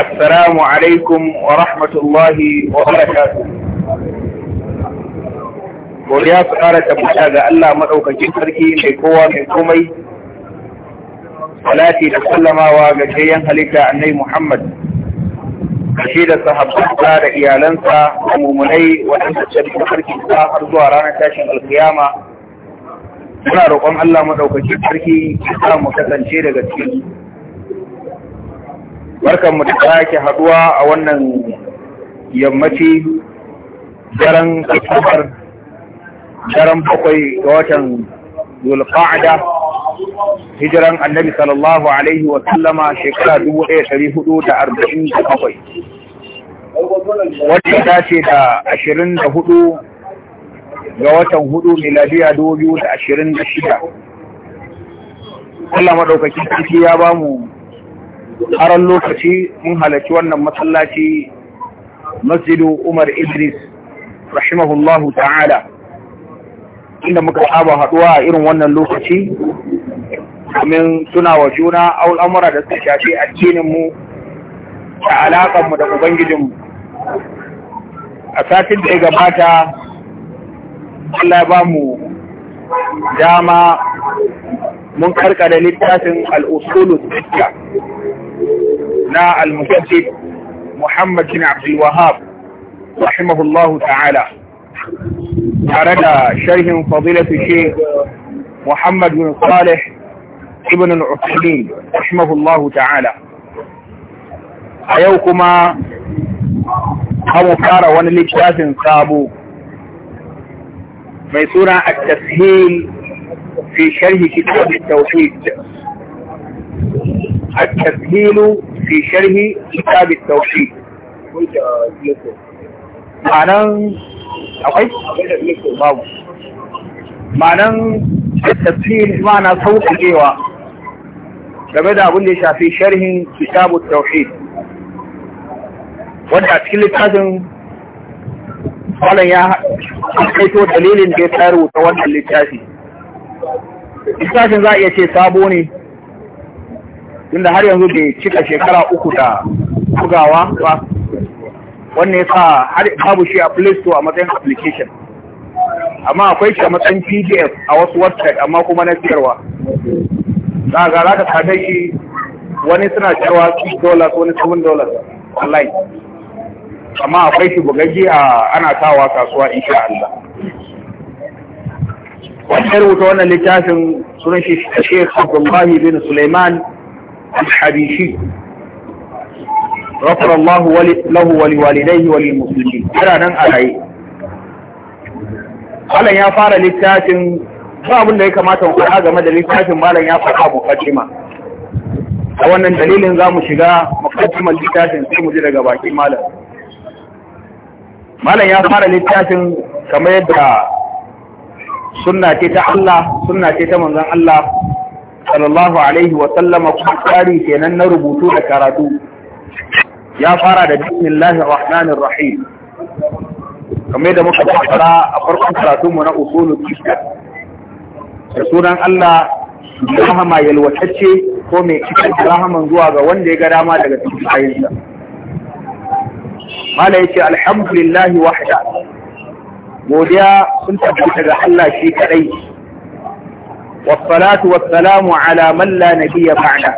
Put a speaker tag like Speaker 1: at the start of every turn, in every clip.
Speaker 1: السلام
Speaker 2: عليكم ورحمة الله وبركاته godiya su ƙara tabbata ga Allah maɗaukakin sarki mai kowa mai komai salati da sallamawa ga jayen halitta annai Muhammad
Speaker 1: kashi da sahabbansa da
Speaker 2: iyalansa da mummunai waɗanda cikin sarki ta har zuwa ranar tashin alkiyama muna roƙon Allah maɗaukakin sarki ya mu kasance daga cikin barkanmu da sake haduwa a wannan yammaci daren asabar daren bakwai ga watan zulfa'ada hijiran annabi sallallahu alaihi wa sallama shekara 1447 wata ta ce da 24 ga watan hudu miladiya 2026 Allah maɗaukaki ciki ya ba mu haran lokaci mun halarci wannan masallaci masjidu Umar Idris rahimahullahu ta'ala inda muka saba haduwa a irin wannan lokaci domin suna wa juna al'amura da suka shafi addinin mu da alaƙar mu da ubangijin mu a satin da ya gabata Allah ba mu dama من كارك دليل تاسم الأصول الدجة لا المكتب محمد بن عبد الوهاب رحمه الله تعالى أرد شرح فضيلة الشيخ محمد بن صالح ابن العثمين رحمه الله تعالى أيوكما
Speaker 1: أبو كارا
Speaker 2: ونلجاز سابو ميسورة التسهيل في شرح كتاب التوحيد التسهيل في شرح كتاب التوحيد معنى أقول معنى التسهيل معنى صوت الجيوة game da abin da ya shafi sharhin kitabu tauhid wanda a cikin littafin malam ya kaito dalilin da ya tsaya rubuta wannan littafi littafin za a iya ce sabo ne inda har yanzu bai cika shekara uku da bugawa ba wannan ya sa har babu shi a play store a matsayin application amma akwai shi a matsayin pdf a wasu website amma kuma na siyarwa za ga za ka sadar shi
Speaker 1: wani suna siyarwa $6
Speaker 2: wani dollars online amma akwai shi bugaggi a ana kawa kasuwa insha Allah wanda ya rubuta wannan littafin sunan shi Sheikh Abdullah bin Sulaiman Al-Habishi غفر الله له ولوالديه وللمسلمين yana nan a raye malam ya fara littafin ba abin da ya kamata mu faɗa game da littafin malam ya faɗa mukaddima a wannan dalilin za mu shiga mukaddimar littafin sai mu ji daga baki malam malam ya fara littafin kamar yadda sunna ce ta Allah ce ta manzon Allah sallallahu alaihi wa sallama kuma tsari kenan na rubutu da karatu ya fara da bismillahi rahmanir rahim kamar da muka fara a farkon karatu mu na usulul fiqh da sunan Allah rahama yalwatacce ko mai cikin rahaman zuwa ga wanda ya ga dama daga cikin ayinsa mala yace alhamdulillahi wahda godiya sun tabbata ga Allah shi kadai Wasalatu wassalamu ala man la nabiyya ba'da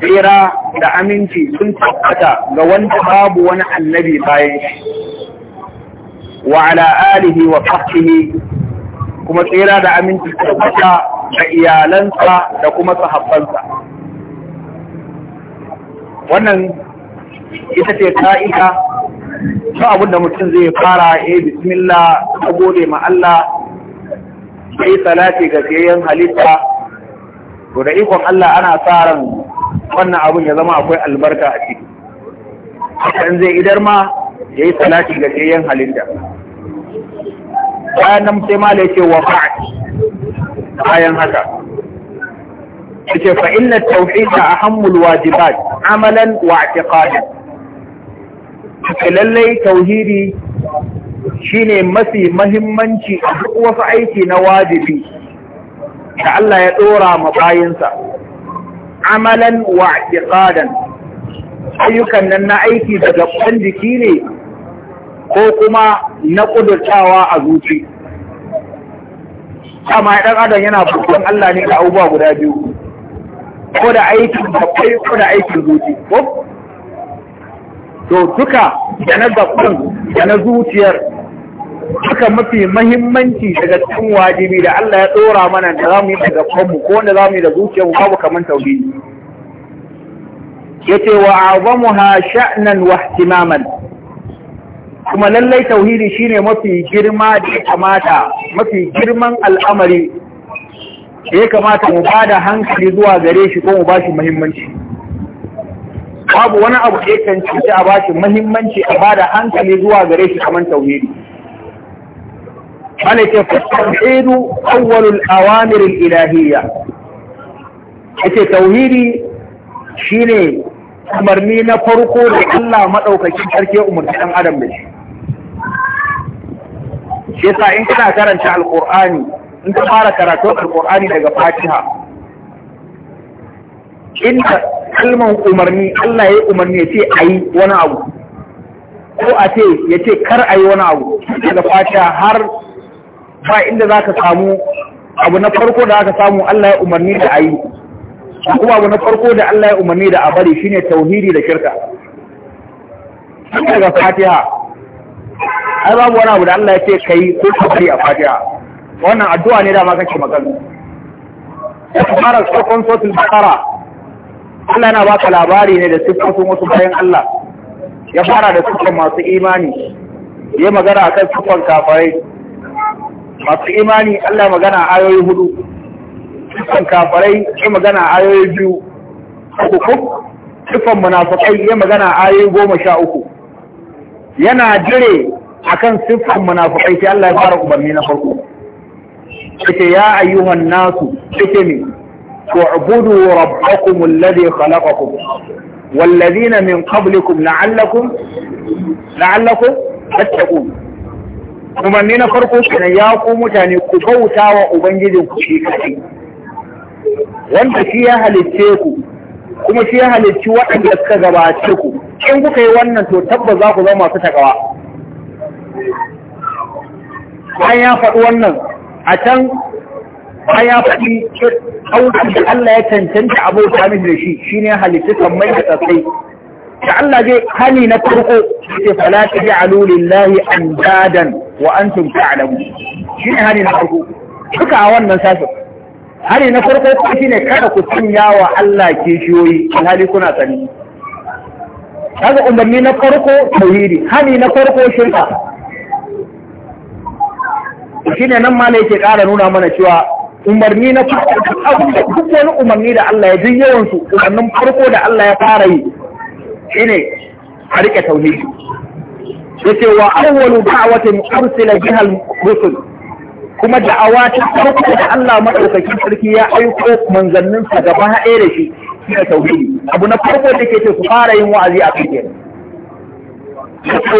Speaker 2: tsira da aminci sun tabbata ga wanda babu wani annabi bayan shi wa ala alihi wa sahbihi kuma tsira da aminci tabbata ga iyalansa da kuma sahabbansa wannan ita ce ka'ida ba abin da mutum zai fara ya eh, bismillah a gode ma Allah ya yi salati ga fiyayyen halitta to da ikon Allah ana tsarin wannan abin ya zama akwai albarka a ciki kan zai idar ma ya yi salati ga fiyayyen halitta
Speaker 1: bayan nan sai ma ce wa ba'd bayan
Speaker 2: haka ce fa'in na at-tauhid ahammul wajibat amalan wa i'tiqadan lallai tauhidi shine mafi mahimmanci a duk wasu aiki na wajibi da Allah ya ɗora ma bayinsa amalan wa i'tiqadan ayyukan nan na aiki da gaban jiki ne ko kuma na ƙudurtawa a zuci
Speaker 1: amma ɗan adam yana fuskan Allah ne
Speaker 2: da abubuwa guda biyu ko aikin ko da aikin zuci ko to duka da na gaban da na zuciyar duka mafi mahimmanci daga cikin wajibi da Allah ya ɗora mana da za mu yi da gabanmu ko wanda za mu yi da zuciyarmu babu kamar tauhidi yace wa azamuha sha'nan wa ihtimaman kuma lallai tauhidi shine mafi girma da kamata mafi girman al'amari da ya kamata mu bada hankali zuwa gare shi ko mu bashi mahimmanci. babu wani abu da yakan cuci a bashi muhimmanci a bada hankali zuwa gare shi kamar tauhidi Bale ce tauhidu awwalul awamirin ilahiyya yace tauhidi shine umarni na farko da Allah maɗaukacin sarki umarni dan adam da shi shi yasa in kana karanta Alƙur'ani in ka fara karatu Alƙur'ani daga fatiha inda kalman umarni Allah ya umarni ya ce a yi wani abu ko a ce ya ce kar a yi wani abu daga fata har ba inda za ka samu abu na farko da aka samu Allah ya umarni da a yi kuma abu na farko da Allah ya umarni da a bari shine tauhidi da shirka daga fatiha ai babu wani abu da Allah ya ce ka yi, ko ka bari a fatiha wannan addu'a ne da ma kake magana ya fara farkon sotul bakara Allah na baka labari ne da siffofin wasu bayan Allah ya fara da siffan masu imani ya magana akan siffan kafare. masu imani Allah magana ayoyi hudu siffan kafarai ya magana ayoyi biyu uku siffan munafiqai ya magana ayoyi goma sha uku yana jire akan siffan munafakai sai Allah ya fara umarni na farko ya ayyuhan nasu kace ne تعبدوا ربكم الذي خلقكم والذين من قبلكم لعلكم لعلكم تتقون na farko kenan ya ku mutane ku bauta wa ubangijin ku shi kaɗai wanda shi ya halicce ku kuma shi ya halicci waɗanda suka gabace ku in kuka yi wannan to tabbas za ku zama masu takawa
Speaker 1: ya faɗi wannan
Speaker 2: a can bayan ya faɗi auren da Allah ya cancanta abota mishi da shi shi ne halittu mai da tsatsai da Allah zai hani na farko ce fala lahi An-dadan wa antum Shi ne hani na farko duka a wannan sasin hani na farko ko ne kada ku sanya wa Allah kishiyoyi alhali kuna sani kaga umarni na farko tauhidi hani na farko shirka
Speaker 1: ne nan ma ne yake
Speaker 2: ƙara nuna mana cewa umarni na farko duk abin da duk wani umarni da Allah ya duk yawan su umarnin farko da Allah ya fara yi shine a rike tauhidi yace wa awwalu da'watin ursila biha al-rusul kuma da'awa ta farko da Allah madaukakin sarki ya aiko manzannin sa gaba ɗaya da shi shine tauhidi abu na farko da ke ce su fara yin wa'azi a kai kenan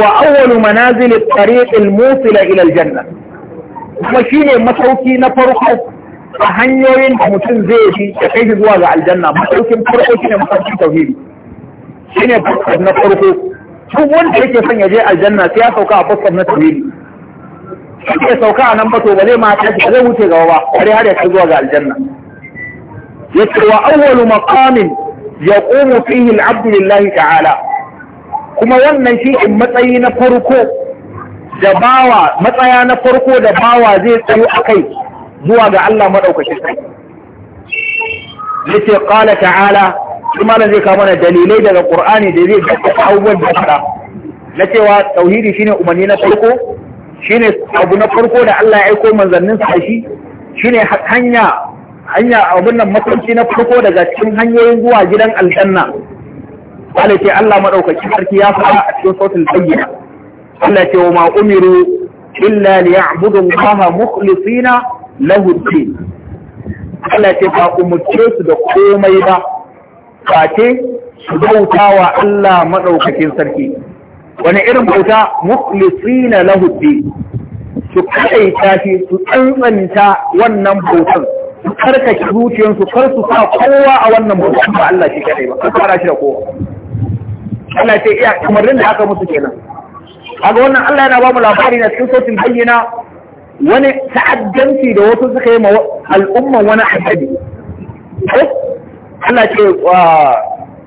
Speaker 2: wa awwalu manazil at-tariq al-musila ila al-janna kuma shine masauki na farko a hanyoyin da mutum zai yi da kai shi zuwa ga aljanna mafarkin farko shine mafarkin tauhidi shine fuskar na farko duk wanda yake son ya je aljanna sai ya sauka a fuskar na tauhidi shi ya sauka a nan ba to ba zai ma tashi ba zai wuce gaba ba har har ya kai zuwa ga aljanna yace wa awwalu maqamin yaqumu fihi al-'abdu lillahi ta'ala kuma wannan shi in matsayi na farko da bawa matsaya na farko da bawa zai tsayo akai zuwa ga Allah madaukakin sarki yace ƙala ta'ala malam zai kawo mana dalilai daga ƙurani da zai gaskata abubuwan da fara na cewa tauhidi shine umarni na farko shine abu na farko da Allah ya aiko manzannin sa shi shine hanya hanya abun nan mafarki na farko daga cikin hanyoyin zuwa gidan aljanna Allah ce Allah madaukaki sarki ya fara a cikin sautul bayyina Allah ce wa ma umiru illa liya'budu Allah mukhlisina lahu din Allah ce ba umarce su da komai ba fate su bautawa Allah madaukakin sarki wani irin bauta mukhlisina na din su kaita shi su tsantsanta wannan bautan su karkace zuciyarsu kar su sa kowa a wannan bautan ba Allah shi kadai ba su fara shi da kowa Allah ce iya umarnin da aka musu kenan ga wannan Allah yana ba mu labari na cikin sautin bayyana wani ta'addanci da wasu suka yi ma al'umman wani annabi eh? Allah ce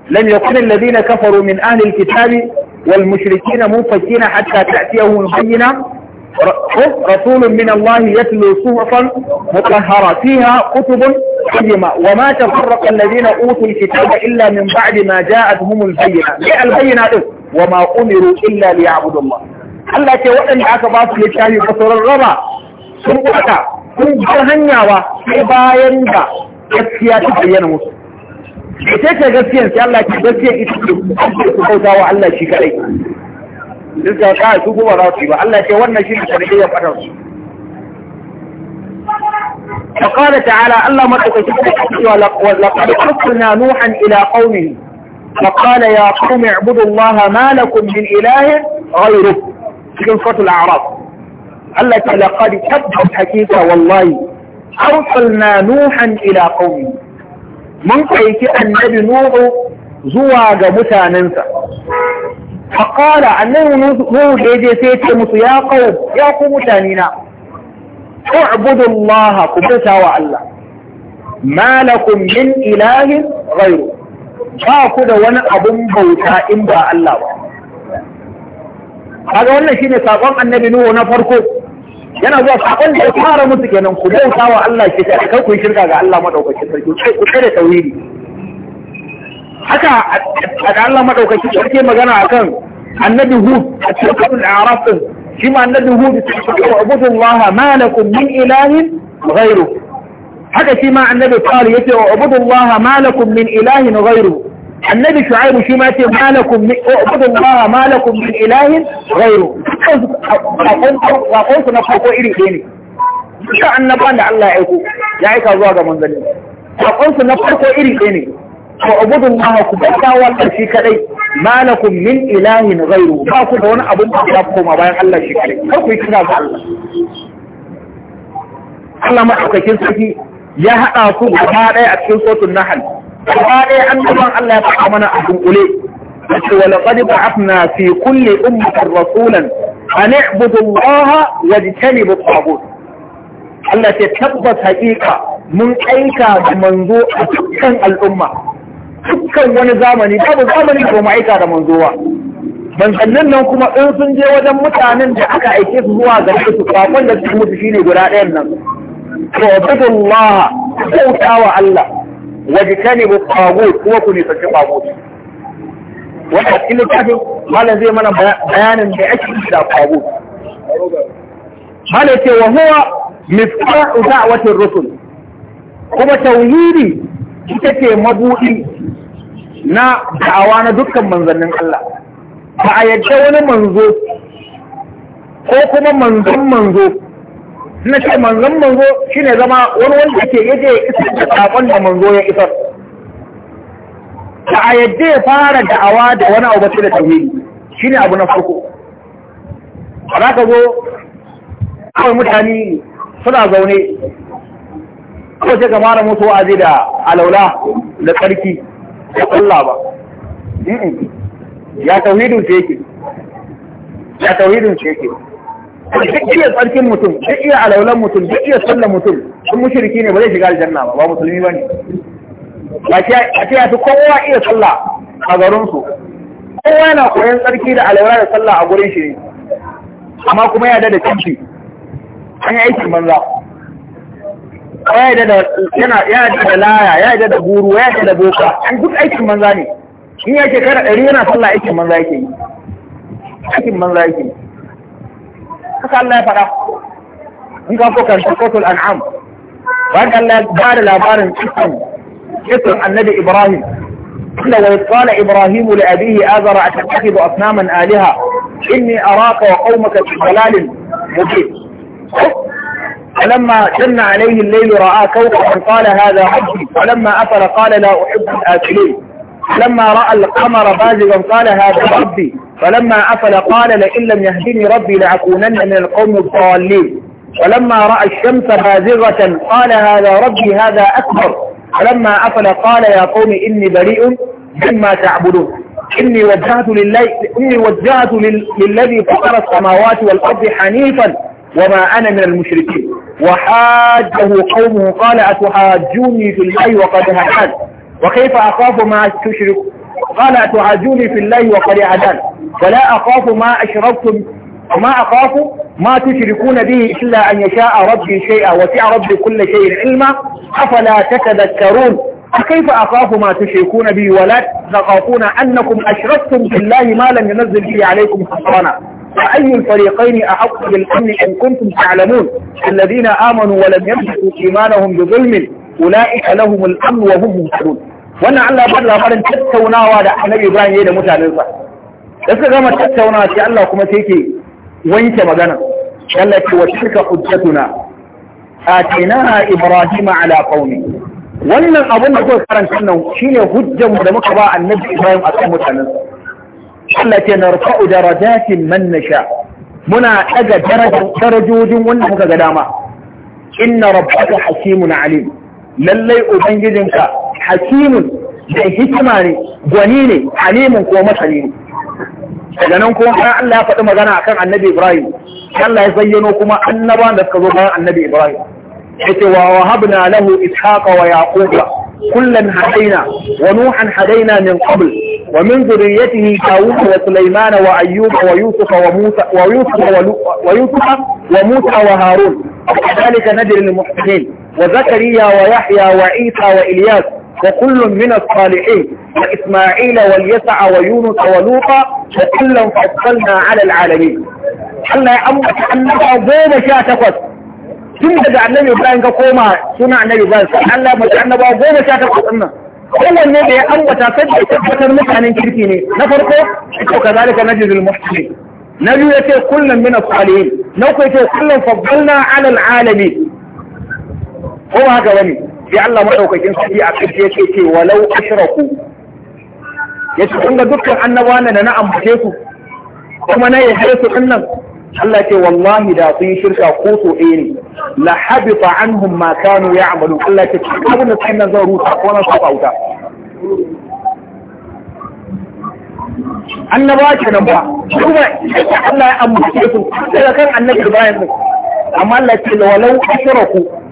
Speaker 2: lam yakun alladhina kafaru min ahli alkitabi wal mushrikina munfakina hatta ta'tiyahum bayyina رسول من الله يتلو صحفا مطهرة فيها كتب قيمة وما تفرق الذين أوتوا الكتاب إلا من بعد ما جاءتهم البينة ليه البينة إيه؟ وما أمروا إلا ليعبدوا الله Allah ce waɗanda aka ba su littafi ba sun kwata sun bar hanyawa sai bayan da gaskiya ta bayyana musu ita ce gaskiyar sai Allah ke gaskiyar ita ce ku bauta wa Allah shi kadai duk da ka su kuma za su yi ba Allah ce wannan shi ne sanadiyyar fatar su
Speaker 1: فقال تعالى الله مدعوك ولقد أرسلنا
Speaker 2: نوحا إلى قومه فقال يا قوم اعبدوا الله ما لكم من إله غيره في سورة الأعراف Allah ta laqad tabbat haqiqa wallahi na nuhan ila ƙauni. mun aiki annabi nuhu zuwa ga mutanensa faqala annabi nuhu da yaje sai ce musu ya qaum ya ku mutanina u'budu allaha ku bauta wa Allah ma lakum min ilahin ghayru ba ku da wani abun bauta in ba Allah ba kaga wannan shine sabon annabi nuhu na farko yana zuwa sakon da ya fara musu kenan ku bauta wa Allah ke kai ku yi shirka ga Allah madaukakin sarki ku kare da tauhidi haka a Allah madaukakin sarki magana akan annabi Hud a cikin al-Araf shi ma annabi Hud ku abudu Allah ma lakum min ilahin ghayru haka shi ma annabi yake abudu Allah ma lakum min ilahin ghayru annabi shu'aibu shi ma ce malakum min ubudun ma malakum min ilahin ghayru kanku na farko iri ɗaya ne duka annaban da Allah ya aiko ya aika zuwa ga manzanni kanku na farko iri ɗaya ne ko ubudun ma ku bauta wa shi kadai malakum min ilahin ghayru ba ku da wani abun da ya koma bayan Allah shi kadai kar ku yi kira ga Allah Allah madaukakin sarki ya haɗa ku gaba ɗaya a cikin sotun nahal gaba ɗaya annaban Allah ya faɗa mana a dunkule yace wa laqad ba'athna fi kulli ummatin rasulan an i'budu Allah wa tajtanibu at-taghut Allah ce tabbas haƙiƙa mun aika da manzo a dukkan al'umma dukkan wani zamani babu zamani ko mu aika da manzowa. ba manzannin nan kuma in sun je wajen mutanen da aka aike su zuwa ga su sakon da suka mutu shine guda ɗayan nan to abudullah bauta wa Allah wajitani bu tagut kuma ku nisanci tagut wanda a cikin littafin malam zai mana bayanin da ake yi da tagut malam ce wa huwa miftahu da'watir rusul kuma tauhidi ita ce mabuɗi. na da'awa na dukkan manzannin Allah ba a yadda wani manzo ko kuma manzon manzo na ce manzon manzo shine zama wani wanda ke yaje isar da sakon da manzo ya isar da a yadda ya fara da'awa da wani abu batu da tauhidi shine abu na farko za ka zo kawai mutane suna zaune kawai sai ka fara musu wa'azi da alaula da tsarki da Allah ba ya tauhidin ce yake ya tauhidin ce yake duk iya tsarkin mutum duk iya alaulan mutum duk iya sallan mutum sun mushriki ne ba zai shiga aljanna ba ba musulmi ba ne ba a ce ya fi kowa iya sallah a garinsu kowa yana koyon tsarki da alaura da sallah a gurin shi ne amma kuma ya da canci an yi aikin banza ya da yana da laya ya da da guru ya da boka an duk aikin banza ne in yake shekara ɗari yana sallah aikin banza yake yi aikin banza yake yi وقال الله بار الابار الحسن كتر النبي ابراهيم قال ويطال ابراهيم لابيه اذر اتتخذ اصناما الهة اني اراك وقومك في ضلال مجيب فلما جن عليه الليل رآ كوكبا قال هذا عبدي فلما افل قال لا احب الاكلين لما رأى القمر بازغا قال هذا ربي فلما أفل قال لئن لم يهدني ربي لأكونن من القوم الضالين ولما رأى الشمس بازغة قال هذا ربي هذا أكبر فلما أفل قال يا قوم إني بريء مما تعبدون إني وجهت, لله إني وجهت للذي فطر السماوات والأرض حنيفا وما أنا من المشركين وحاجه قومه قال أتحاجوني في الله وقد هدان وكيف أخاف ما تشرك قال أتعاجوني في الله وقد عدان ولا أخاف ما أشركتم وما أخاف ما تشركون به إلا أن يشاء ربي شيئا وسع ربي كل شيء علما أفلا تتذكرون وكيف أخاف ما تشركون به ولا تخافون أنكم أشركتم بالله ما لم ينزل به عليكم خسرانا فأي الفريقين أحق بالأمن إن كنتم تعلمون الذين آمنوا ولم يمسكوا إيمانهم بظلم ulaika lahumul amn wa hum muhtadun wannan Allah ba labarin tattaunawa da Annabi Ibrahim ya da mutanensa da suka gama tattaunawa sai Allah kuma sai yake wanke magana Allah ce wa tilka hujjatuna atainaha Ibrahim ala qaumi wannan abun da kuka karanta nan shine hujjar da muka ba Annabi Ibrahim a kan mutanensa Allah ce narfa'u darajatin man nasha muna daga darajojin wanda muka ga dama inna rabbaka hakimun alim lallai ubangijinka hakimun da hikima ne gwani ne halimun ko masani ne daga nan kuma bayan Allah ya faɗi magana akan annabi Ibrahim Allah ya zayyano kuma annabawan da suka zo bayan annabi Ibrahim yace wa wahabna lahu ishaqa wa yaquba kullan hadaina wa nuhan hadaina min qabl wa min dhurriyyatihi dawud wa sulaiman wa ayyub wa yusuf wa musa wa yusuf wa yusuf wa musa wa harun kadhalika najri al muhsinin وزكريا ويحيى وعيسى وإلياس وكل من الصالحين وإسماعيل واليسع ويونس ولوطا وكلا فضلنا على العالمين Allah ya ambata annaba goma sha takwas tun daga annabi Ibrahim ka koma suna annabi Ibrahim Allah ya mace annaba goma sha takwas din nan kowanne da ya ambata sai da tabbatar mutanen kirki ne na farko to kazalika na biyu yace min as-salihin na uku yace kullun ko ba haka bane sai Allah madaukakin sarki a kace yake ce walau ashraku yace kun ga dukkan annabawan da na ambace su kuma na yaje su dinnan Allah ce wallahi da sun shirka ko so ɗaya ne la habita anhum ma kanu ya'malu Allah ce abin da sai nan zan rusa ko na saba wuta
Speaker 1: annabawa kenan ba kuma Allah ya ambace su daga kan annabi
Speaker 2: Ibrahim amma Allah ce walau ashraku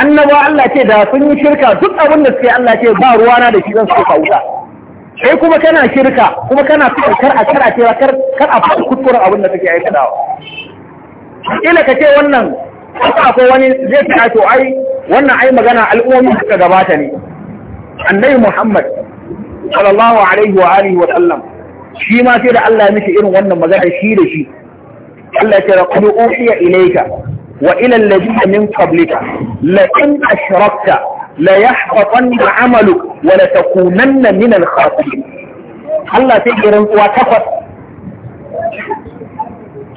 Speaker 2: annaba Allah ce da sun yi shirka duk abin da suke Allah ce ba ruwana da shi zan su kauta sai kuma kana shirka kuma kana kar a kar a ce, kar kar a fara kuskuren abin da take aikatawa ila ka ce wannan haka akwai wani zai ce to ai wannan ai magana al'ummi suka gabata ne annabi Muhammad sallallahu alaihi wa alihi wa sallam shi ma sai da Allah ya mishi irin wannan magana shi da shi Allah ya ce qul uhiya ilayka وإلى الذين من قبلك لئن أشركت ليحبطن عملك ولتكونن من الخاسرين Allah sai ke rantsuwa takwas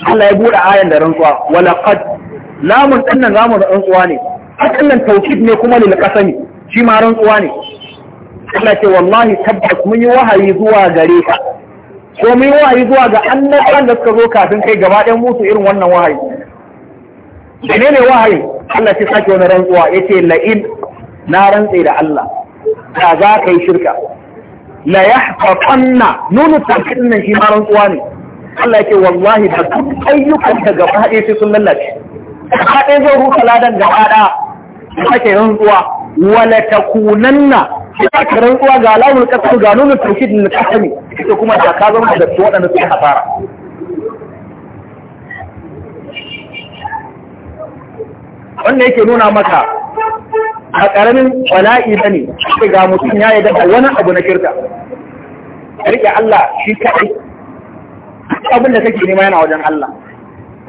Speaker 2: Allah ya bude ayan da rantsuwa wala qad lamun din nan zamu rantsuwa ne hakan nan tawkid ne kuma lil qasami shi ma rantsuwa ne Allah ce wallahi tabbas mun yi wahayi zuwa gare ka ko mun yi wahayi zuwa ga annabawan da suka zo kafin kai gaba ɗayan musu irin wannan wahayi menene wahayi Allah sai sake wani rantsuwa yace la'in na rantsi da Allah da za ka yi shirka la yahfatanna nunu takin nan shi ma rantsuwa ne Allah yake wallahi da duk ayyukan da gaba ɗaya sai sun lallace ka ɗaya zai ruka ladan gaba ɗaya sake rantsuwa wala takunanna sai ka rantsuwa ga alamun kasar ga nunu takin nan ka Ita kuma da ka zama da su waɗanda suka hasara
Speaker 1: wannan yake nuna maka
Speaker 2: a ƙaramin wala'i ba ne ga mutum ya yi daga wani abu na kirka riƙe Allah shi kaɗai abin da kake nema yana wajen Allah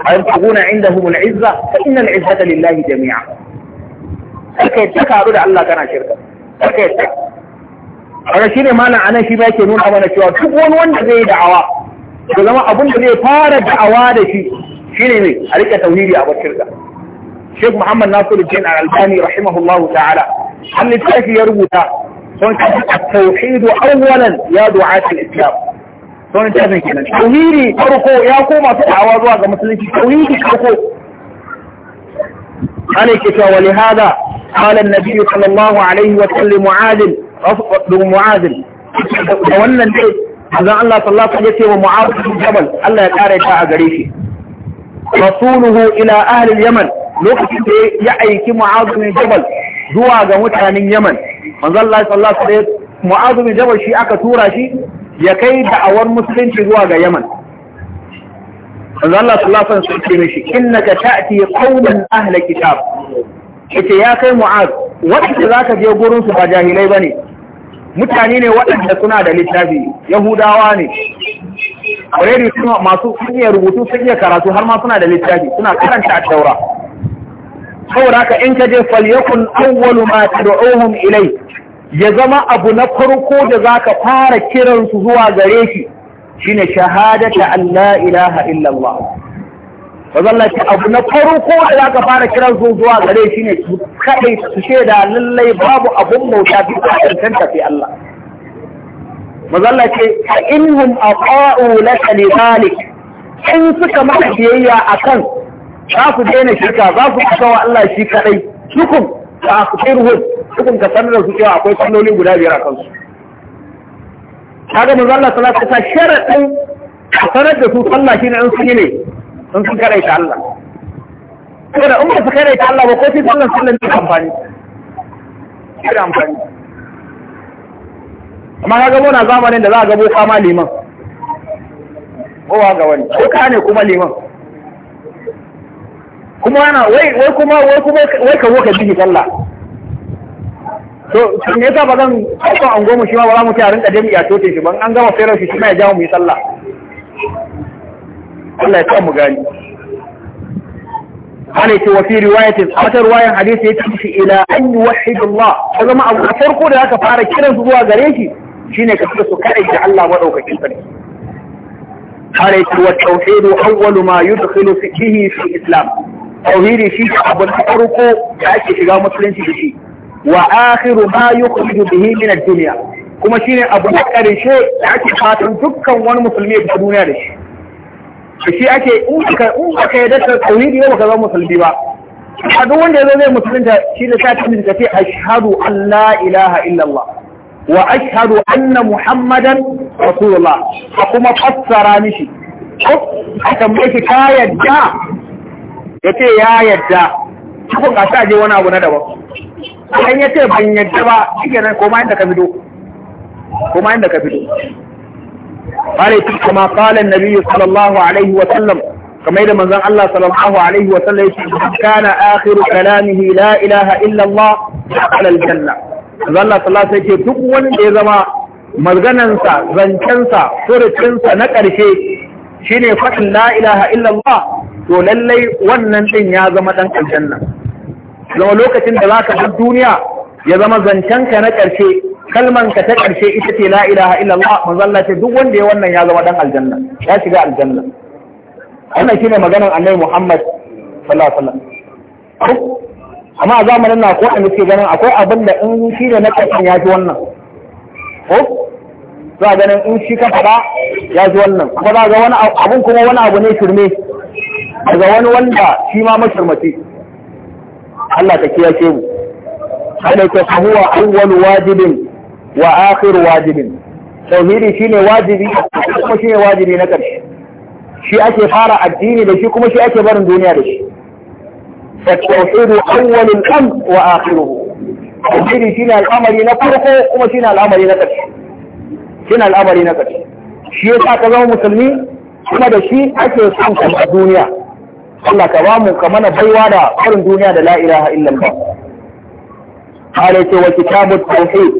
Speaker 2: a yin taguna inda hu na izza ta inna na izza ta lillahi jami'a sarka yadda ka haɗu da Allah kana shirka sarka yadda a shi ne malam anan shi ba yake nuna mana cewa duk wani wanda zai yi da'awa to zama abin da zai fara da'awa da shi shine ne a rike tauhidi a bar shirka شيخ محمد ناصر الدين الألباني رحمه الله تعالى عن الشيخ يربوها سنتحف التوحيد أولا يا دعاة الإسلام سنتحف كذلك توهيري يا كوما تتعواز واضح مثل انت توهيري عليك ولهذا قال النبي صلى الله عليه وسلم معادل رفض معادل تولى البيت هذا الله صلى الله عليه وسلم معادل الجبل الله يتعرى يتعى قريشي رسوله إلى أهل اليمن lokacin da ya aiki mu'azu bin jabal zuwa ga mutanen yaman manzan Allah sallallahu alaihi mu'azu bin jabal shi aka tura shi ya kai da'awar musulunci zuwa ga yaman manzan Allah sallallahu alaihi wasallam sai mishi innaka ta'ti qauman ahli kitab yace ya kai mu'az wanda zaka je gurin su ba jahilai bane mutane ne waɗanda suna da littafi yahudawa ne already suna masu sun iya rubutu sun iya karatu har ma suna da littafi suna karanta a taura saboda haka in ka je falyakun awwalu ma tad'uhum ilai ya zama abu na farko da zaka fara kiran su zuwa gare shi shine shahadata an la ilaha illallah Allah ce abu na farko da zaka fara kiran su zuwa gare shi ne su kai su shaida lallai babu abun bauta bi a tantance sai Allah mazalla ce fa innahum aqa'u laka lidhalik in suka maka biyayya akan za ku daina shirka za ku kusa wa Allah shi kadai shukum ta akfirhum shukum ka sanar da su cewa akwai salloli guda biyar a kansu kaga manzo Allah sallallahu alaihi wasallam sharadin a sanar da su sallah shine in sun yi ne in sun ta Allah kada in ba su ta Allah ba ko sai sallan sallan ne amfani kira amfani amma kaga muna zamanin da za a gabo kama liman kowa ga wani ko ka ne kuma liman kuma ana wai wai kuma wai kuma wai ka zo ka bi sallah to me yasa ba zan ɗauka an goma shi ma ba za mu ci a rinka jami a tote shi ban an gama sayar shi shi ma ya jawo mu yi sallah Allah ya sa mu gani ila يتي وفي رواية أتى رواية حديث يتمشي إلى أن يوحد الله هذا ما أبو أفرقه لها كفارة كنا زبوها غريشي شين كفر سكاري جعل الله وضعه كفر قال يتي والتوحيد أول ما يدخل فيه في islam. tauhidi shi ne abu na farko da ake shiga musulunci da shi wa akhiru ma yukhriju bihi min ad-dunya kuma shine abu na karshe da ake fatan dukkan wani musulmi ya fita duniya da shi da shi ake in ka in ka yarda da tauhidi ba ka zama musulmi ba a duk wanda yazo zai musulunta shi da sa tin ka ce ashhadu an la ilaha illa Allah wa ashhadu anna muhammadan rasulullah kuma fassara mishi a tambaye ka yadda ya ce ya yadda cikin a sa je wani abu na daban idan ya ce ban yadda ba shike nan koma inda ka fito koma inda ka fito qala kama qala an-nabi sallallahu alaihi wa sallam kamar da manzon Allah sallallahu alaihi wa sallam yace kana akhiru kalamihi la ilaha illa Allah ala al-janna manzon Allah sallallahu alaihi wa sallam duk wanda ya zama maganansa zancensa furucinsa na ƙarshe shine faɗin la ilaha illa Allah to lallai wannan ɗin ya zama ɗan aljanna zama lokacin da za ka duk duniya ya zama zancenka na ƙarshe kalmanka ta ƙarshe ita ce la ilaha illallah manzalla ce duk wanda ya wannan ya zama ɗan aljanna ya shiga aljanna wannan shine maganar annabi Muhammad sallallahu alaihi amma a zamanin na kowa da ganin akwai abin da in shi ne na ƙarshen ya fi wannan ko za ganin in shi ka faɗa
Speaker 1: ya fi wannan kuma za ga wani abun kuma wani abu ne shirme daga wani wanda
Speaker 2: shi ma mashirmaci
Speaker 1: Allah ta kiya ce
Speaker 2: mu hada ta sahuwa awwal wajibin wa akhir wajibin tauhidi shine wajibi kuma shine wajibi na karshe shi ake fara addini da shi kuma shi ake barin duniya da shi fa tauhidu awwal al-am wa akhiruhu tauhidi shine al'amari na farko kuma shine al'amari na karshe shine al'amari na karshe shi yasa ka zama musulmi kuma da shi ake son ka duniya Allah ka ba mu ka mana baiwa da farin duniya da la ilaha illallah qala ce wa kitabut tauhid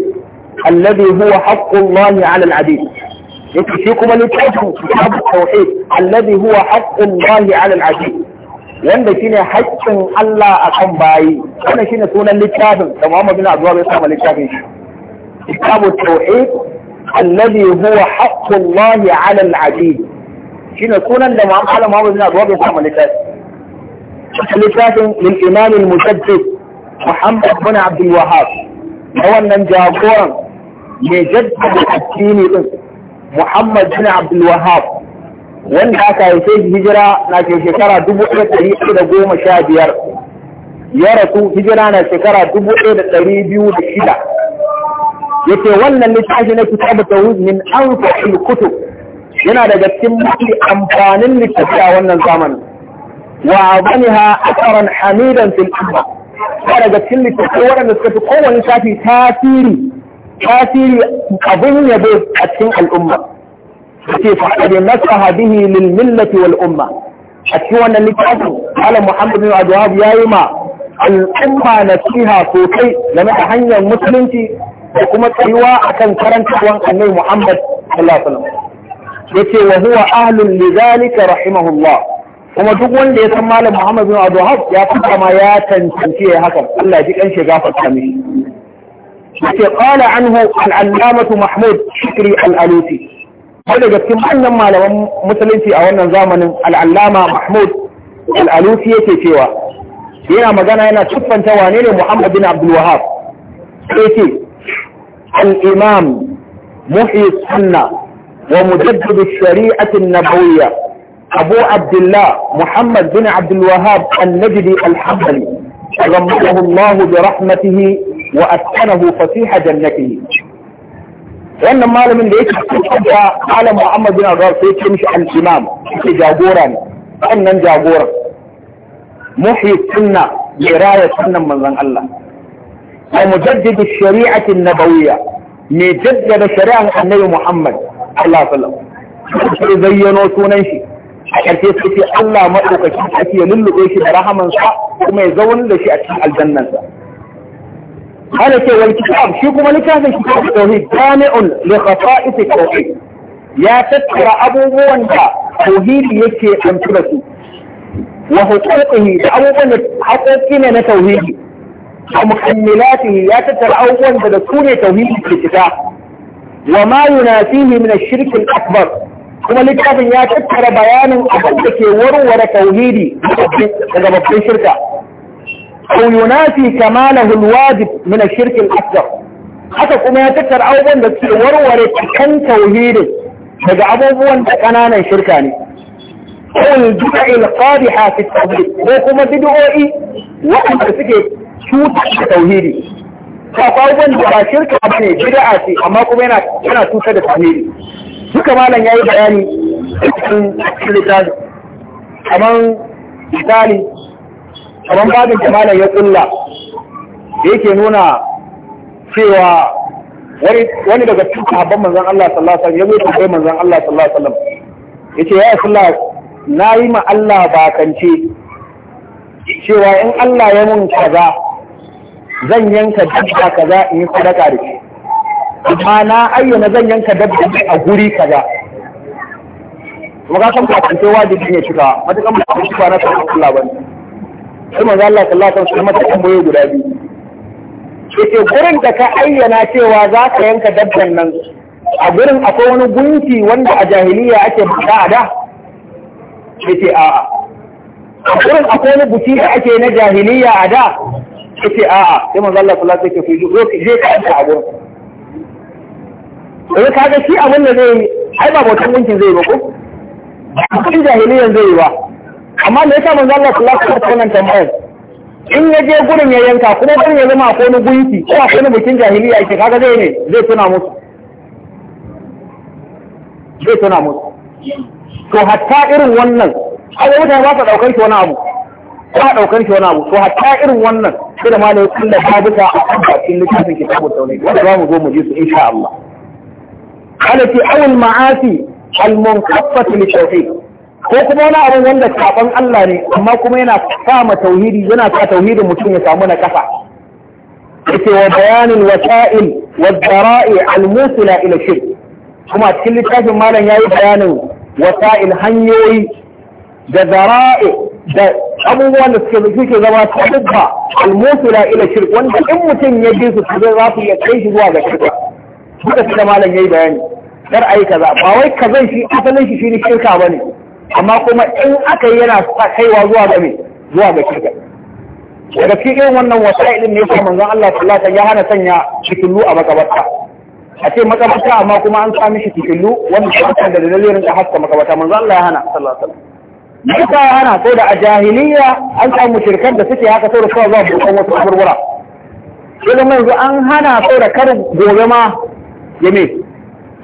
Speaker 2: alladhi huwa haqqullahi 'ala al-'abid yake shi kuma littafin kitabut tauhid alladhi huwa haqqullahi 'ala al-'abid wanda shine haƙƙin Allah a kan bayi wannan shine sunan littafin da Muhammad bin Abdullah ya sama littafin shi kitabut tauhid alladhi huwa haqqullahi 'ala al-'abid shine sunan da Muhammad bin Abdullah ya sama littafin littafin lil'imam al-musaddid Muhammad bin Abdul Wahhab wannan jagoran mai jaddada addini din Muhammad bin Abdul Wahhab wanda aka haife hijira na shekara dubu ɗaya ɗari ɗaya da goma sha biyar ya rasu hijira na shekara dubu ɗaya da ɗari biyu da shida yake wannan littafi na kitabu tawhid yana da cikin mafi amfanin littafi a wannan zamanin وأعظمها أثرا حميدا في الأمة درجة كل تطور أن تكون قوة شافي تاثيري تاثيري أظن يبوز أتين الأمة كيف قد نصح به للملة والأمة أتين أن نتعلم على محمد بن عدواب يا إما الأمة نسيها سوكي لما تحني المسلمتي وكما تيوا أكن كرنتوان أنه محمد صلى الله عليه وسلم يتي وهو أهل لذلك رحمه الله kuma duk wanda ya san malam Muhammad bin Abdul ya fita ma ya tantance ya haka Allah ji kan shiga fata mishi yake qala anhu al-allamatu Mahmud Shikri al-Alusi daga cikin manyan malaman musulunci a wannan zamanin al-allama Mahmud al-Alusi yake cewa yana magana yana tuffanta wane ne Muhammad bin Abdul Wahab yake al-imam muhyi sunna wa mujaddid ash-shari'ati an-nabawiyya أبو عبد الله محمد بن عبد الوهاب النجدي الحبلي غمده الله برحمته وأسكنه فسيح جنته وأن المعلم اللي يتحدث على محمد بن عبد الوهاب يتمشى الإمام في جابورا فأنا جابورا محيي السنة لراية سنة من ذن الله ومجدد الشريعة النبوية مجدد شريعة النبي محمد صلى الله عليه وسلم a ƙarshe sai ce Allah maɗaukaki ake ya lullube shi da rahamansa kuma ya zaune da shi a cikin aljannansa. Hana ce wal kitab shi kuma littafin shi ta tauhid jami'un li khasa'is tauhid ya tattara abubuwan da tauhidi yake amsu da su wa huquqihi da abubuwan da haƙoƙi ne na tauhidi wa mukammilatihi ya tattara abubuwan da da su ne tauhidi ke fita wa ma yunafihi min ash-shirk al-akbar kuma littafin ya tattara bayanin abin da ke warware tauhidi daga babban shirka aw yunafi kamalahu alwajib min ash-shirk al-akbar haka kuma ya tattara abubuwan da ke warware kan tauhidi daga abubuwan da kananan shirka ne aw al-bid'a fi at ko kuma bid'o'i waɗanda suke cutar da tauhidi ko abubuwan da ba shirka bane bid'a ce amma kuma yana yana cutar da tauhidi suka malam ya yi bayani cikin littafi kamar misali kamar babin da malam ya kulla da yake nuna cewa wani daga cikin abban manzon Allah sallallahu alaihi wasallam ya zo kai manzon Allah sallallahu alaihi wasallam yace ya Allah na yi ma Allah bakance cewa in Allah ya mun kaza zan yanka dabba kaza in yi sadaka da shi amma na ayyana zan yanka dabbobi a guri kaza kuma ka san ba kan sai wajibi ne cika matakan ba kan cika na san Allah bane
Speaker 1: sai manzo Allah sallallahu alaihi wasallam ta tambaye guda biyu
Speaker 2: yake gurin da ka ayyana cewa za ka yanka dabban nan a gurin akwai wani gunki wanda a jahiliya ake buka a da yake a'a a gurin akwai wani buki da ake na jahiliya a da yake a'a sai manzo Allah sallallahu alaihi wasallam yake ku je ka yanka a gurin yanzu eh, ka ga shi abin da zai yi ai ba bautan gunkin zai ba ko ba kun jahiliyan zai yi ba amma me yasa manzo Allah sallallahu alaihi wasallam tambayar in ya je gurin ya yanka kuma gurin ya zama ko wani gunki ko akwai wani bikin jahiliya yake kaga zai ne zai tuna musu zai tuna musu to hatta irin wannan ai mutane ba su daukar shi wani abu Ba a daukar shi wani abu to hatta irin wannan sai da malai ta bisa a cikin littafin kitabut tauhid wanda za mu zo mu ji su insha Allah halaki awul ma'asi al-munqaffati li tauhid ko kuma wani abin wanda kafan Allah ne amma kuma yana kama tauhidi yana sa tauhidin mutum ya samu na kafa yake wa bayanin wasa'il wa dara'i al-musila ila shirk kuma cikin littafin malam yayi bayanin wasa'il hanyoyi da dara'i da abubuwan da suke suke zama tabba al-musila ila shirk wanda in mutum ya ji su zai za su iya kai shi zuwa ga shirka duka fi da malam yayi bayani kar ayi kaza ba wai kazan shi asalin shi shine shirka bane amma kuma in aka yi yana kaiwa zuwa ga me zuwa ga shirka daga cikin wannan wasa'ilin ne kuma manzon Allah sallallahu alaihi ya hana sanya shikillu a makabarta a ce makabarta amma kuma an sami shi shikillu wanda shi kan da dalilin rinka haska makabarta manzon Allah ya hana sallallahu alaihi wasallam ya hana ko da a jahiliya an samu mushrikan da suke haka sau da kawai zuwa bukan wasu kaburbura. Ilimin yanzu an hana sau da karin gobe ma ya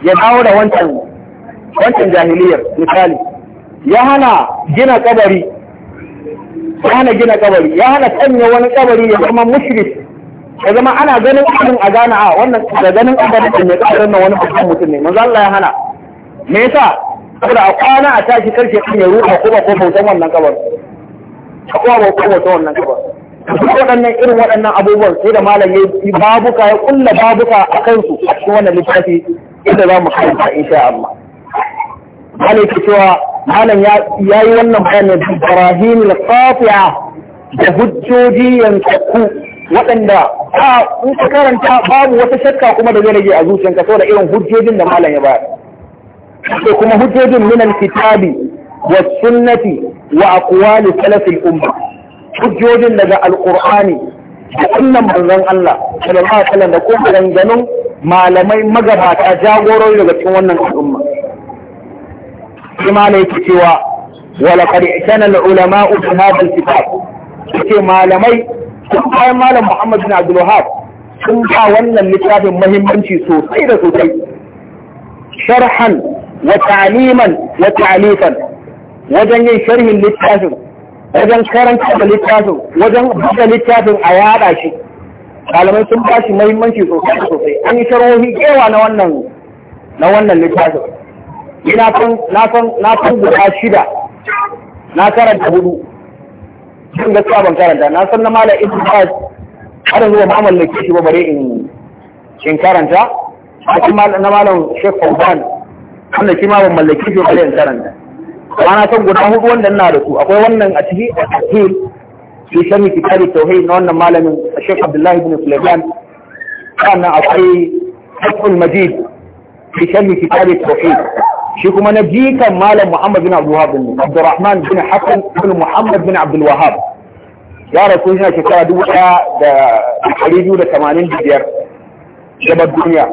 Speaker 2: ya dawo da wancan wancan jahiliyar misali ya hana gina kabari ya hana gina kabari ya hana sanya wani kabari ya zama mushrik ya zama ana ganin abin a gana a wannan da ganin abin da ya kabarin na wani babban mutum ne manzo Allah ya hana me yasa saboda a kwana a tashi karshe kan ya ko ba ko bautan wannan kabarin ko bautan wannan kabarin waɗannan irin waɗannan abubuwan sai da malam ya yi babuka ya kulla babuka a kansu a cikin wannan littafi inda za mu karanta insha Allah malam ke cewa malam ya yi wannan bayanin Ibrahim al-Safiya da hujjoji yankakku waɗanda a in ka karanta babu wata shakka kuma da zai rage a zuciyanka da irin hujjojin da malam ya ba sai kuma hujjojin min kitabi wa sunnati wa aqwali salafil ummah hujjojin daga alkur'ani da wannan manzon Allah sallallahu alaihi wasallam da kuma ganganun malamai magabata jagorori daga cikin wannan al'umma shi malai ke cewa wala qad kana al ulama fi hadha al kitab ce malamai sun bayan malam Muhammad bin Abdul Wahhab sun ba wannan littafin muhimmanci sosai da sosai sharhan wa ta'liman wa ta'lifan wajen yin sharhin littafin wajen karanta da littafin wajen buga littafin a yada shi ɗalibai sun ba shi mahimmanci sosai sosai an yi sharhohi yawa na wannan na wannan littafin ina san na san na san guda shida na karanta hudu shin gaskiya ban karanta na san na malam ibn baz har zuwa ba mallake shi ba bare in in karanta a cikin na malam sheikh ban wanda shi ma ban mallake shi ba bare in karanta ana kan guda hudu wanda ina da su akwai wannan a ciki a tahil fi sharhi kitabi tauhid na wannan malamin Sheikh Abdullahi ibn Sulaiman sannan akwai Fathul Majid fi sharhi kitabi tauhid shi kuma na jikan malam Muhammad bin Abdul Wahhab bin Abdurrahman bin Hassan bin Muhammad bin Abdul Wahhab ya rasu yana shekara dubu ɗaya da ɗari biyu da tamanin da biyar gabar duniya.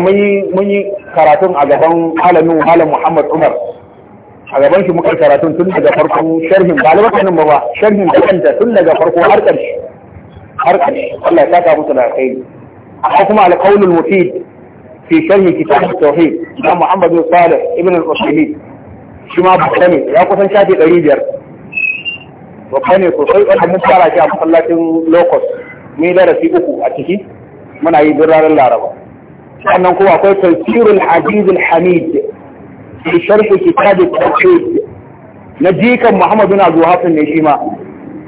Speaker 2: Mun yi karatun a gaban malamin malam Muhammad Umar a gaban shi muka karatun tun daga farko sharhin ba lokacin ba ba sharhin da kanta tun daga farko har ƙarshe har ƙarshe Allah ya saka musu da kai Ko kuma alqaulul mufid fi sharhi kitab at-tauhid da Muhammad bin Salih ibn al-Usaimi shi ma babba ne ya kusan shafi 500 babba ne sosai wanda mun fara shi a masallacin Locust yi darasi uku a ciki muna yi duk Laraba sannan kuma akwai tafsirul hadith al-hamid fi sharhi kitabi tauhid na jikan Muhammad bin Abdul Wahab ne shi ma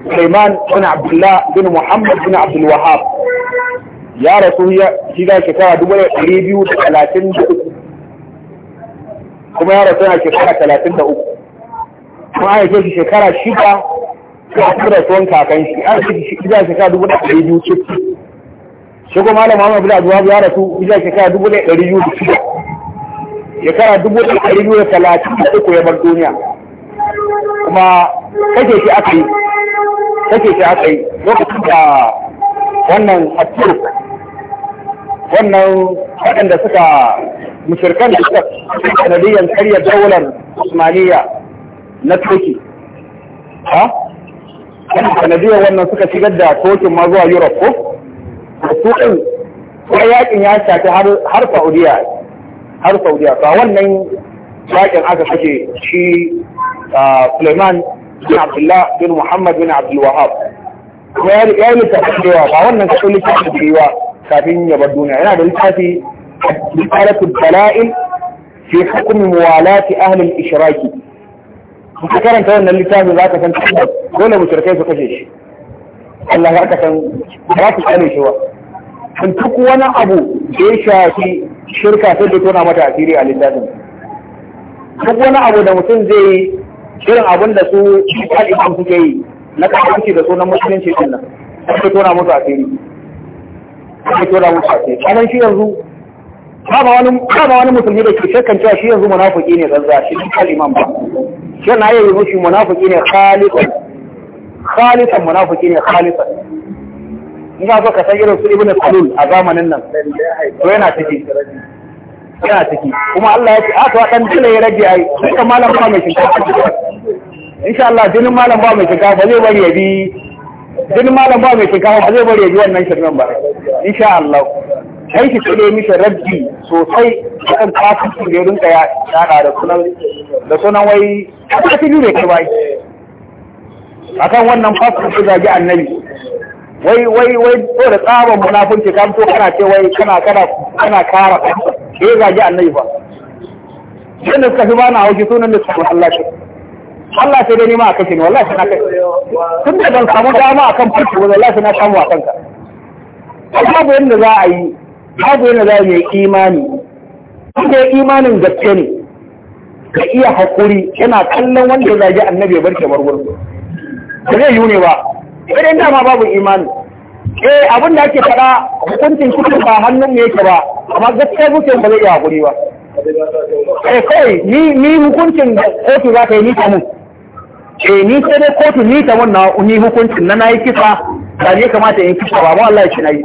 Speaker 2: Sulaiman bin Abdullah bin Muhammad bin Abdul Wahab ya rasu ya shi da talatin da uku. kuma ya rasu na shekara uku. kuma ya ce shekara shida ko a kura tuwon kakan shi an shi shi da shekara 200 ciki shi kuma Malam Muhammad bin Abdul Wahab ya rasu ya shekara 200 shekara dubu da ɗari biyu da talatin da uku ya bar duniya kuma kake shi aka yi kake shi aka yi lokacin da wannan hatur wannan waɗanda suka mushirkan da suka sanadiyyar karya daular usmaniya na turki ha sanadiyyar wannan suka shigar da turkin ma zuwa europe ko su ɗin kuma yakin ya shafi har saudiya har saudiya ta wannan yakin aka kashe shi suleiman bin abdullah bin muhammad bin Abdulwahab. ya riga littafin cewa ba wannan kashe littafin da yiwa kafin ya bar duniya yana da littafi bisalatul dala'il fi hukumin muwalati ahli al-ishraki ka karanta wannan littafin za ka san dole mushrikai su kashe shi Allah ya ka san ba su kane shi ba kan duk wani abu da ya shafi shirka sai da tona mata asiri a littafin duk wani abu da mutum zai yi irin abin da su al'imam suke yi na kafirci da sunan musulunci din nan sai tona musu asiri sai tona musu asiri kanan shi yanzu kama wani kama wani musulmi da ke shakkan cewa shi yanzu munafiki ne zanza shi duk al'imam ba shi na yayi mushi munafiki ne khalisan khalisan munafiki ne khalisan in ka so ka san irin su Ibn Salul a zamanin nan
Speaker 1: to yana ciki
Speaker 2: yana ciki kuma Allah ya ce ah, a to dan dole ya rage ai duka malam ba mai shinkafa insha Allah jinin malam ba mai shinkafa ba zai bari ya bi jinin malam ba mai shinkafa ba zai bari ya bi wannan shirmen ba insha Allah sai ki tsire mishi raddi sosai akan kafin da ya rinka ya tsada da sunan da sunan wai a cikin ne kai bai akan wannan fasu da ga annabi wai wai wai ko da tsaban munafunci kan to kana ce wai kana kana kana kara ke zagi annabi ba sai suka fi bana hauki sunan da su Allah ke Allah sai da ni ma aka kashe ni wallahi na kai tun da ban samu dama akan fushi wallahi na samu a kanka babu yanda za a yi babu yanda za a yi imani inda ya imanin gaske ne ka iya haƙuri yana kallon wanda ya zagi annabi ya barke barwar ba zai yi ne ba irin dama babu imani eh abin da ake faɗa hukuncin cikin ba hannun ne yake ba amma gaskiya zuciyar ba zai iya hakuri ba eh kai ni ni hukuncin kotu za ka yi ni mun eh ni sai dai kotu ni ta mun na ni hukuncin na nayi kisa ba ne kamata in kisa ba ba wallahi shi nayi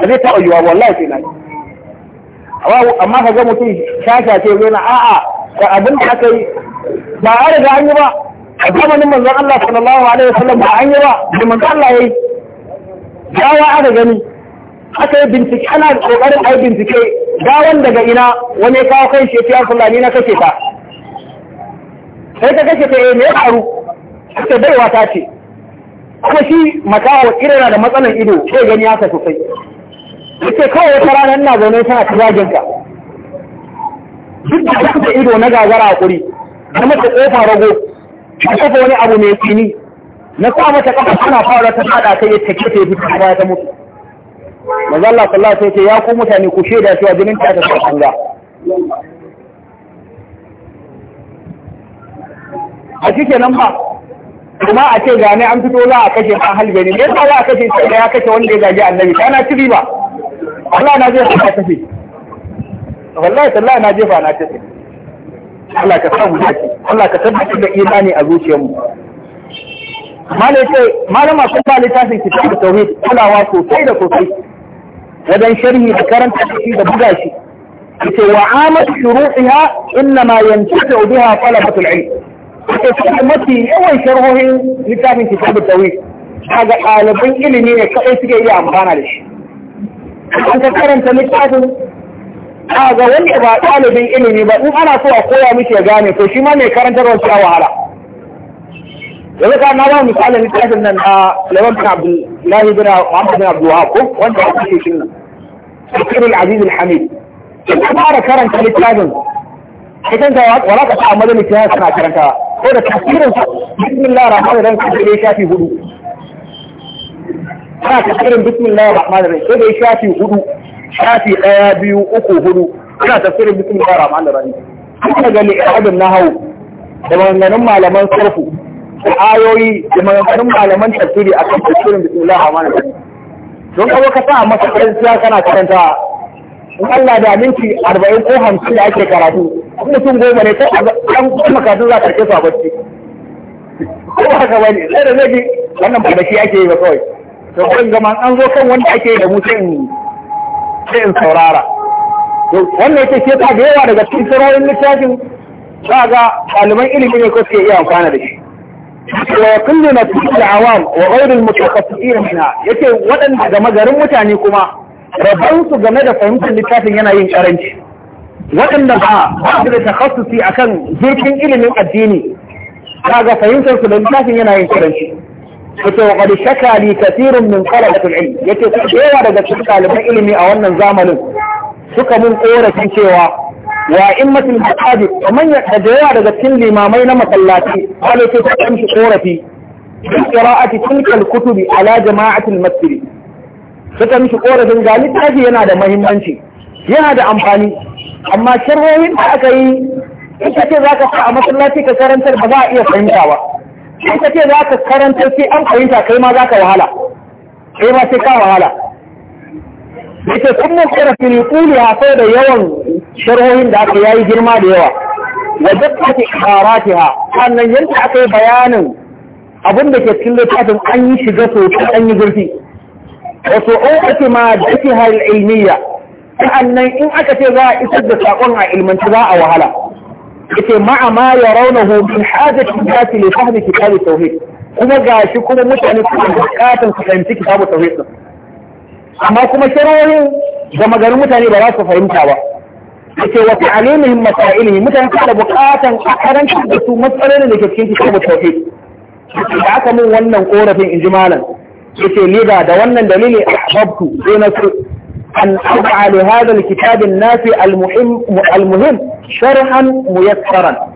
Speaker 2: ba zai taɓa yiwa wallahi shi nayi amma ka ga mutum shasha ce zai na a'a ga abin da aka yi ba a riga an yi ba a zamanin manzon Allah sallallahu alaihi wasallam ba an yi ba da manzon Allah yayi gawa aka gani aka yi bincike ana kokarin ai bincike gawan daga ina wani ya kawo kai shi ya fulani na kashe ta sai ka kashe ta eh me ya faru ta baiwa ta ce kuma shi makawa irina da matsalan ido sai gani haka sosai yace kawai wata rana ina zaune tana tijajin ka duk da ido na gagara a kuri har mata kofa rago ka kafa wani abu mai tsini na sa mata kafa Ana fara ta fada ta yi take ta yi ta baya ta mutu manzo Allah sallallahu alaihi wasallam ya ku mutane ku shaida cewa jinin ta ta kanga a cike nan ba kuma a ce gane an fito za a kashe an halbe ne me yasa za a kashe sai ya kashe wanda ya gaji annabi kana ci riba Allah na jefa na tafi wallahi tallahi na jefa na tafi Allah ka sa mu dace Allah ka tabbatar da imani a zuciyarmu malaka malama sun ba littafin kitab tauhid kulawa sosai da sosai wajen sharhi da karanta shi da buga shi yace wa amat shuru'iha inna ma yantafi biha talabatu al-ilm yace sai mafi yawan sharhohin littafin kitab tauhid kaga ɗaliban ilimi ne kaɗai suke iya amfana da shi an ka karanta littafin a ga wanda ba ɗalibin ilimi ba in ana so a koya miki ya gane to shi ma mai karanta shi a wahala yanzu ka na ba misalin littafin nan a Sulaiman bin Abdullahi bin Muhammad bin Abdul Wahab ko wanda aka ce shi ne? al-Aziz al-Hamid in ka fara karanta littafin kai kanka wala ka sa a majalisi ya sana karantawa ko da tasirin sa bismillahir rahmanir rahim sai ya shafi hudu ana tasirin bismillahir rahmanir rahim sai da ya shafi hudu shafi ɗaya biyu uku hudu ana tafsirin bikin da rahman rahim kuma ga li'adun hau da maganganun malaman sarfu da ayoyi da maganganun malaman tafsiri akan tafsirin bikin da rahman rani don kawo ka sa masa kwanciya kana karanta in Allah da minti arba'in ko hamsin da ake karatu mutum goma ne ko an kuma karatu za a karke su a bacci ko haka bane sai da zai wannan ba da shi ake yi ba kawai to kun ga an zo kan wanda ake yi da mutum sai in saurara wannan yake ce ta ga yawa daga cikin sarorin littafin ta ga ɗaliban ilimi ne ko suke iya amfana da shi وكل نتيجة العوام وغير المتخصصين منها yake waɗanda game garin mutane kuma su game da fahimtar littafin yana yin karanci waɗanda ba ba su da takhassusi akan zurfin ilimin addini ga fahimtar su da littafin yana yin karanci yace wa qad shakali li kathirun min talabatul ilm yace su yawa daga cikin ɗaliban ilimi a wannan zamanin
Speaker 1: suka mun korafin cewa wa
Speaker 2: immatul masajid kaman ya yawa daga cikin limamai na masallaci wanda ke ta kamshi korafi bi a cikin al-kutubi ala jama'ati al suka mishi korafin ga littafi yana da muhimmanci yana da amfani amma sharhohin da aka yi ita ce zaka sa a masallaci ka karantar ba za a iya fahimta ba in ka ce za ka karanta sai an fahimta kai ma za ka wahala kai ma sai ka wahala da ke mun kira kuli a sau da yawan sharhohin da aka yayi girma da yawa wadda ta ke sannan yadda aka yi bayanin abin da ke cikin littafin an yi shiga sosai an yi zurfi an ake ma da ake hal ilmiya sa'annan in aka ce za a isar da sakon a ilmanci za a wahala yace ma'a ma yarawnahu min hajati nasi li fahmi kitab tauhid kuma gashi kuma mutane suna bukatan su fahimci kitab tauhid din amma kuma sharorin da magarin mutane ba za su fahimta ba yace wa ta'limihim masailihim mutane suna bukatan a karanta da su matsalolin da ke cikin kitab tauhid da aka mun wannan korafin inji malam yace ni da wannan dalili ahbabtu sai na so أن أضع لهذا الكتاب النافع المهم, المهم شرحا ميسرا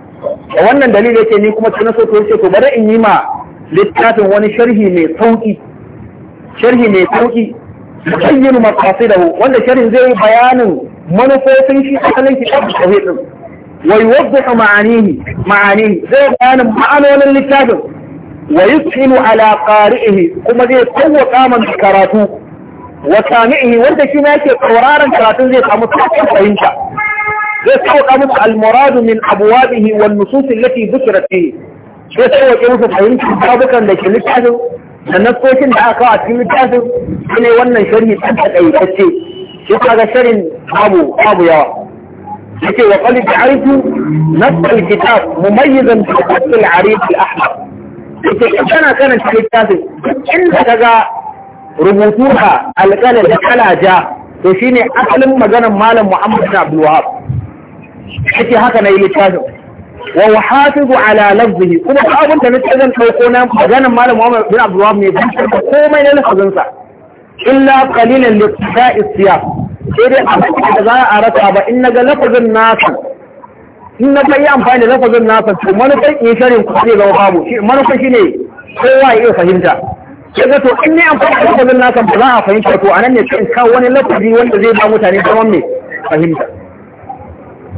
Speaker 2: wannan dalilin yake ni kuma tana so to yace to bari in yi ma littafin wani sharhi mai sauki sharhi mai sauki bayyinu maqasidahu wanda sharhin zai bayanin manufofin shi asalin kitab tauhid din wa yuwaddihu ma'anihi ma'anihi zai bayanin ma'anonin littafin wa yushilu ala kuma zai tawwaka karatu wa sami'i wanda shi ne yake tsauraran karatun zai samu sauƙin fahimta zai sauƙa musu almuradu min abwabihi wan nusus allati dhukira fihi zai sauƙa musu fahimtar babukan da ke littafin da nassoshin da aka kawo a cikin littafin shine wannan sharhi ɗan taƙaitacce shi kaga sharhin babu babu yawa yake wa qali ta'rifu nass al-kitab mumayyizan bi al-'arif al-ahmar yake kana kana littafin inda kaga rubutuha alƙala da kalaja to ne asalin maganar malam Muhammad Abdul Wahab yake haka na yi littafin wa wahafizu ala lafzihi kuma abin da nake zan dauko na maganar malam Muhammad bin Abdul Wahab ne zan tsarka komai na lafazin sa illa qalilan li tisa'i sai dai abin da za a rasa ba in naga lafazin nasa in na kai amfani da lafazin nasa to manufar in sharin ku zai zama babu manufar ne kowa ya iya fahimta ke ga to in ne amfani da lafazin naka ba za a fahimta to anan ne sai kawo wani lafazi wanda zai ba mutane zaman me fahimta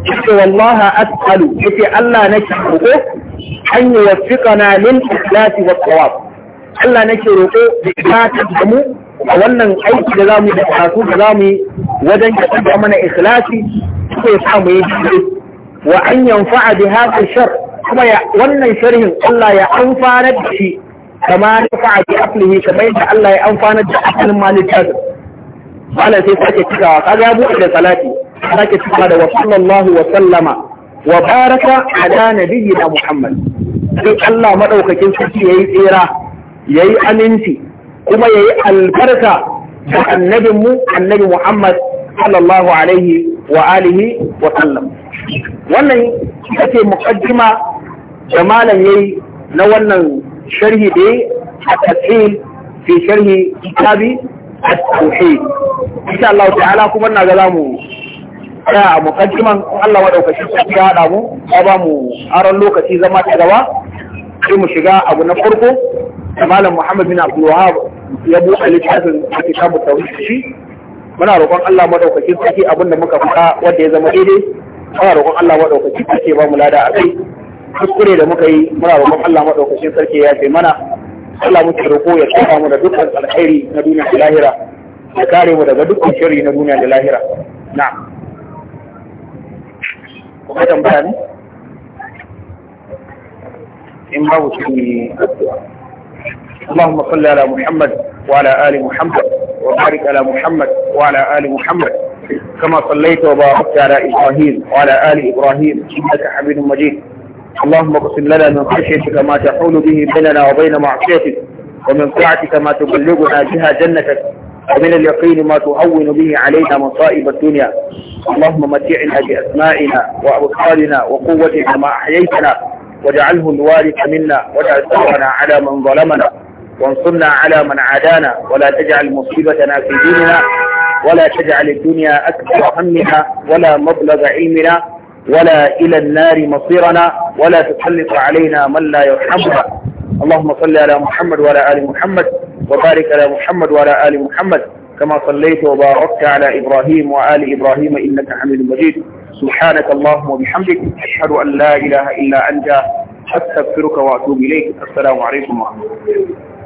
Speaker 2: ce wallaha as'alu yace Allah nake roƙo an yi yuwaffiqana lil ikhlasi wat tawab Allah nake roƙo da ta da mu a wannan aiki da zamu da karatu da zamu yi wajen ka tabbata mana ikhlasi ko ya samu yi wa an yanfa'a bi hadha shar kuma wannan sharhin Allah ya amfana da shi kama da fa'a bi aslihi kamar yadda Allah ya amfana da asalin malikan Allah sai sake cikawa kaga ya buɗe da salati sake cikawa da wa sallallahu wa sallama wa baraka ala nabiyyina Muhammad sai Allah madaukakin sarki yayi tsira yayi aminci kuma yayi albarka annabin mu annabi Muhammad sallallahu alaihi wa alihi wa sallam wannan yake muqaddima da malam yayi na wannan sharhi da at-tafhim fi sharhi kitabi at-tauhid insha Allah ta'ala kuma na ga zamu tsaya a mukaddiman Allah madaukaki ya hada mu ya ba mu aron lokaci zama ta gaba sai mu shiga abu na farko malam Muhammad bin Abdul Wahhab ya buɗe littafin kitabu tauhid shi muna roƙon Allah madaukakin sarki abinda muka fita wanda ya zama daidai muna roƙon Allah madaukakin sarki ba mu lada a kai kuskure da muka yi muna roƙon Allah madaukakin sarki ya ce mana Allah muke roƙo ya tsaya mu da dukkan alkhairi na duniya da lahira ya kare mu daga dukkan shirri na duniya da lahira na'am kuma tambaya ne in babu su ne اللهم صل على محمد وعلى آل محمد وبارك على محمد وعلى آل محمد كما صليت وباركت على إبراهيم وعلى آل إبراهيم إنك حميد مجيد اللهم اقسم لنا من خشيتك ما تحول به بيننا وبين معصيتك ومن طاعتك ما تبلغنا بها جنتك ومن اليقين ما تهون به علينا مصائب الدنيا اللهم متعنا بأسمائنا وأبصارنا وقوتنا ما أحييتنا واجعله الوارث منا واجعل ثورنا على من ظلمنا وانصرنا على من عادانا ولا تجعل مصيبتنا في ديننا ولا تجعل الدنيا أكبر همنا ولا مبلغ علمنا ولا إلى النار مصيرنا ولا تسلط علينا من لا يرحمنا اللهم صل على محمد وعلى آل محمد وبارك على محمد وعلى آل محمد كما صليت وباركت على إبراهيم وآل إبراهيم إنك حميد مجيد سبحانك اللهم وبحمدك أشهد أن لا إله إلا أنت أستغفرك وأتوب إليك السلام عليكم ورحمة
Speaker 1: الله